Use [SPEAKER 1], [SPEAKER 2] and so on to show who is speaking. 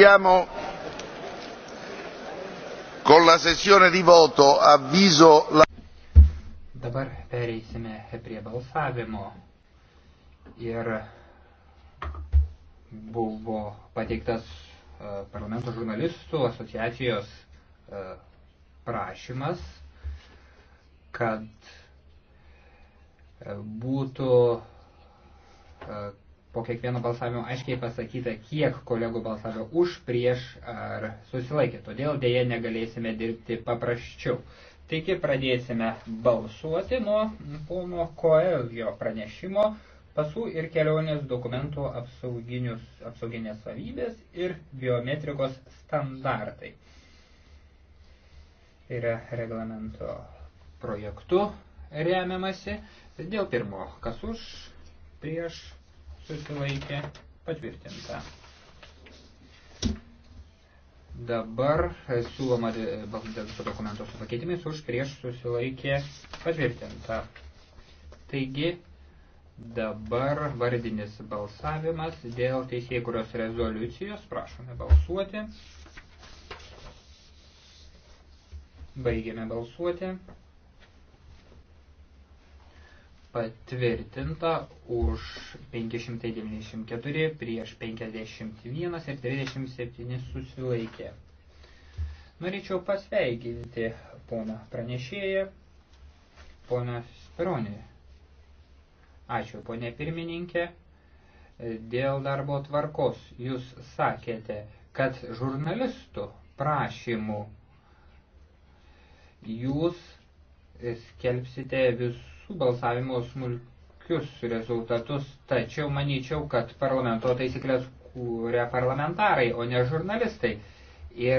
[SPEAKER 1] Procediamo con la sessione di voto. Avviso la. Dabar pereisime prie balsavimo ir buvo pateiktas e, parlamento žurnalistų asociacijos e, prašymas, kad e, būtų po kiekvieno balsavimo aiškiai pasakyta, kiek kolegų balsavo už, prieš ar susilaikė. Todėl dėje negalėsime dirbti paprasčiau. Taigi pradėsime balsuoti nuo pono Koelio pranešimo pasų ir kelionės dokumentų apsauginės savybės ir biometrikos standartai. Tai yra reglamento projektu remiamasi. Dėl pirmo, kas už, prieš susilaikė patvirtinta. Dabar e, siūloma viso e, dokumento su pakeitimais už prieš susilaikė patvirtinta. Taigi dabar vardinis balsavimas dėl teisėjų kurios rezoliucijos. Prašome balsuoti. Baigėme balsuoti patvirtinta už 594 prieš 51 ir 37 susilaikė. Norėčiau pasveikinti poną pranešėją, poną Speronį. Ačiū, ponė pirmininkė. Dėl darbo tvarkos jūs sakėte, kad žurnalistų prašymų jūs skelbsite visų balsavimo smulkius rezultatus, tačiau manyčiau, kad parlamento taisyklės kūrė parlamentarai, o ne žurnalistai. Ir